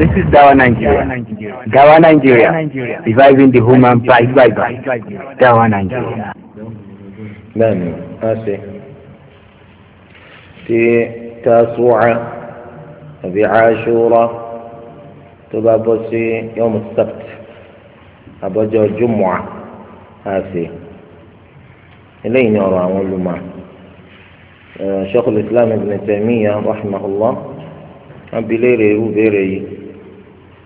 This is Dawa Nigeria. Dawa Nigeria. Reviving the human by by Dawa Nigeria. Bẹ́ẹ̀ni, a ṣe Tasu'a bi Ashura tó bá bọ́ sí Yom Sabt àbọ̀jọ́ Jumu'a a ṣe. Eléyìí ni ọ̀rọ̀ àwọn olùmọ̀. Islam Ibn Taymiyyah rahimahullah. Wọ́n bi léèrè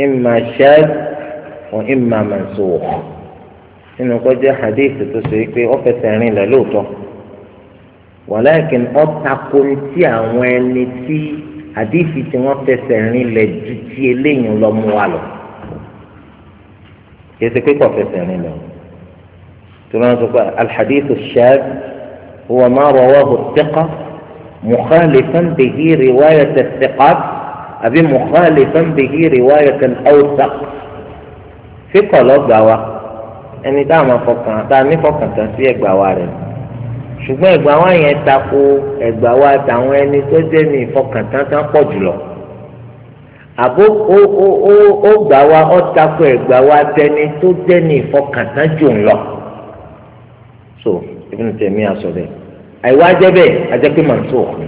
إما شاذ وإما منسوخ إنه قد جاء حديث تسويك وفتانين للوتو ولكن أتقل تعواني في حديث تنفتسرين لجتي لين لموالو يسكيك وفتانين له تنظر الحديث الشاذ هو ما رواه الثقة مخالفا به رواية الثقات àbí mukhalifan bihi riwayatan awsaq fíkọ̀ lọ́gbà wa ẹni tá a máa fọkàn tá a ní fọkàn tán sí ẹgbà wa rẹ̀ ṣùgbọ́n ẹgbà wa yẹn tako ẹgbà wa tàwọn ẹni tó jẹ́ ní ìfọkàntán tán pọ̀ jùlọ àbó ó ó ó ó gbà wa ó tako ẹgbà wa tẹni tó jẹ́ ní ìfọkàntán jù ń lọ so Ibn Taymiyyah sọ bẹ́ẹ̀ àìwá jẹ́ bẹ́ẹ̀ ajẹ́ màá tó ọ̀hún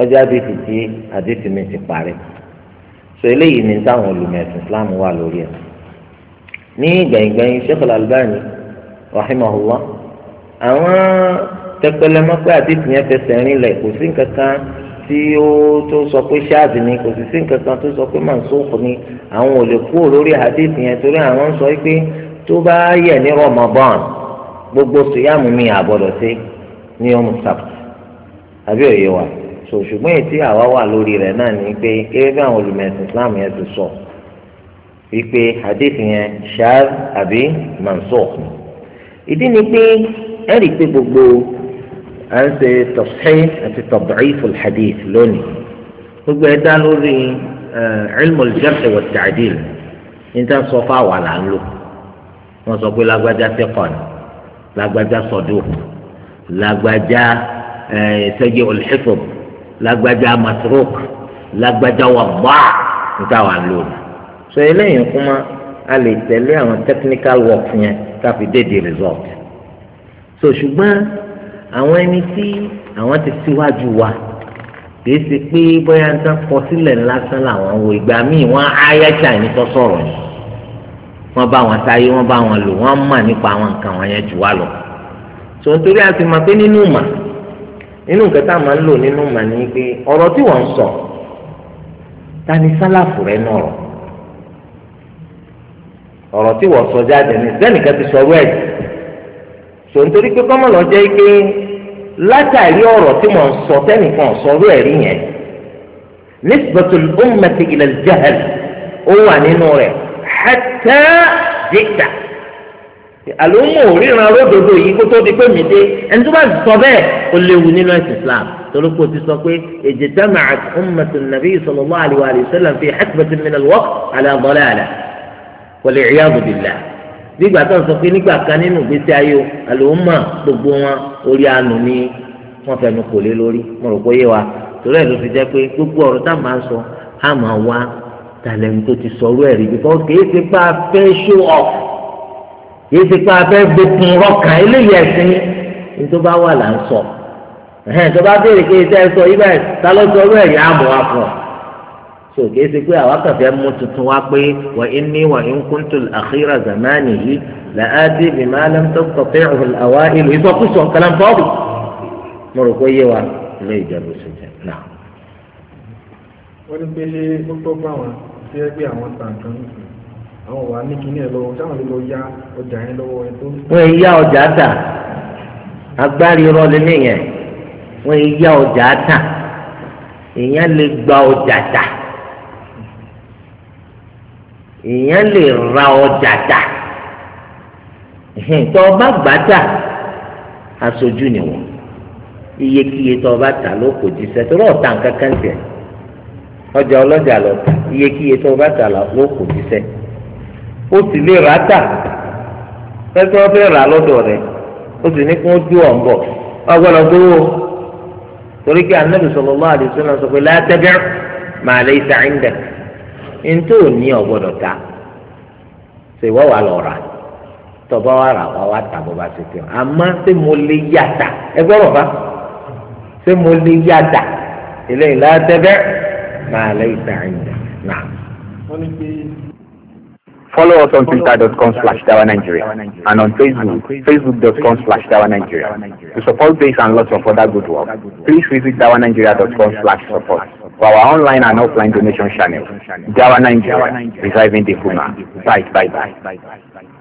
ọjọ́ àdìsí tí àdìsí mi ti parí so eléyìí ni táwọn olùmẹ̀sìn Islam wà lórí ẹ̀ ní gbẹ̀yìngbẹ̀yìn Sheikh Al-Albani rahimahullah àwọn tẹpẹlẹmọpẹ àdìsí yẹn fẹsẹ̀ rinlẹ̀ kò sí nǹkan kan tí ó tó sọ pé ṣáàdì ni kò sì sí nǹkan kan tó sọ pé màsóòkù ni àwọn ò lè kúrò lórí àdìsí yẹn torí àwọn ń sọ pé tó bá yẹ ní Ramadan gbogbo sùyàmù mi àbọ̀dọ̀ sí ní ọmọ sàbùtù àbí òye wa so ṣùgbọ́n ètí àwa wà lórí rẹ̀ náà ni pé gẹ́gẹ́ bí àwọn olùmẹ̀sìn islam yẹn ti sọ wípé hadith yẹn shaz àbí mansukh ìdí ni pé ẹ rí i pé gbogbo à ń ṣe tafsir àti tad'if al-hadith lónìí gbogbo ẹ dá lórí eh, ilmu al-jarh wa at-ta'dil níta sọ fáwọn là ń lò wọ́n sọ pé lágbájá thiqan lágbájá saduq lágbájá eh, sayyi'ul lágbájá matrok lágbájá wàgbà níta wà lónìí so eléyìí kuma a lè tẹ̀lé àwọn technical work yẹn káfi dédé result so ṣùgbọ́n àwọn ẹni tí àwọn ti síwájú wa kìí ṣe pé bóyá ń tán kọ sílẹ̀ lásán làwọn wo ìgbà míì wọ́n ayájà ní tó sọ̀rọ̀ yìí wọ́n bá wọn táyé wọ́n bá wọn lò wọ́n mọ̀ nípa àwọn nǹkan wọn yẹn jù wá lọ so nítorí a ti mọ̀ pé nínú ìmọ̀ inú nǹkan tá a máa ń lò nínú mà ní pé ọ̀rọ̀ tí wọ́n ń sọ ta ni sálàfù rẹ náà rọ̀ ọ̀rọ̀ tí wọ́n sọ jáde ní sẹ́nìkan ti sọ rú sọ nítorí pé kọ́mọ̀lọ́ jẹ́ pé látàrí ọ̀rọ̀ tí wọ́n sọ sẹ́nìkan sọ rú rí yẹn nisbatul ummati ilal jahal ó wà nínú rẹ̀ hatta dìgbà àlùmọ̀ òríran ródòdó yìí kó tó di pé mi dé ẹni tó bá sọ bẹ́ẹ̀ ó léwu nínú ẹ̀sìn Islam torí kò ti sọ pé ijtama'at ummatu an-nabi sallallahu alayhi wa sallam fi hikmatin min al-waqt ala dalalah wal-i'yadu billah nígbà tó ń sọ pé nígbà kan nínú ìgbésí ayé àlùmọ̀ gbogbo wọn orí àánú ni wọ́n fẹnu kò lé lórí mo rò a máa yìí ti pa abẹ́ gbókun rọ́kàn eléyìí ẹ̀sìn ní tó bá wà là ń sọ ẹ̀hẹ́n tó bá béèrè pé iṣẹ́ ẹ sọ yìí báyìí ta ló sọ ọ̀rọ̀ ẹ̀yà àmọ́ wa fún ọ. so kìí ṣe pé àwa kàfẹ́ mú tuntun wá pé wà í ní wà ń kúntù àkírà zamani yìí là á dé bí máa lẹ́m tó kọfẹ́ ọ̀hún àwa ìlú ìsọkúsọ kalan mo rò pé yé wa ilé ìjọba oṣù jẹ náà. wọ́n ní pé ṣé ó tó bá wọn sí ẹgbẹ́ àwọn àwọn wa ní kíní ẹ lọ́wọ́ táwọn lè ya ọjà yẹn lọ́wọ́ ẹ tó. wọ́n ya ọjà tà agbárí rọlẹ nìyẹn wọ́n ya ọjà tà èèyàn gba ọjà tà èèyàn ra ọjà tà tó gbata bá gbà tà aṣojú nìwọ̀n iyekíye tó o bá tà ló kò jíṣẹ́ tó lọ́ọ̀ tà nǹkan kan tẹ̀ ọjà ọlọ́jà lọ iyekíye o bá tà ó sì lè rà á tà ẹgbẹ́ wọn fẹ́ rà á lọ́dọ̀ rẹ̀ ó sì ní kí wọ́n dú ọ̀n bọ̀ ọgbọ́dọ̀ gbowó torí kí anabi sallallahu alaihi wasallam sọ pé la tabi' ma laysa 'indak ntó ní ọgbọ́dọ̀ ta ṣe wọ́n wà lọ́ọ́ rà tọ́ba wa rà wá wá tà bó ba ṣe tẹ̀ àmọ́ ṣé mo lè yá ta ẹgbẹ́ rọ̀ bá ṣé mo lè yá ta eléyìí la tabi' ma laysa 'indak náà. Follow us on twitter.com slash Dawa Nigeria and on Facebook, facebook.com slash Dawa Nigeria. To support this and lots of other good work, please visit dawanigeria.com slash support for our online and offline donation channels. Dawa Nigeria, reviving the human. Bye, bye, bye.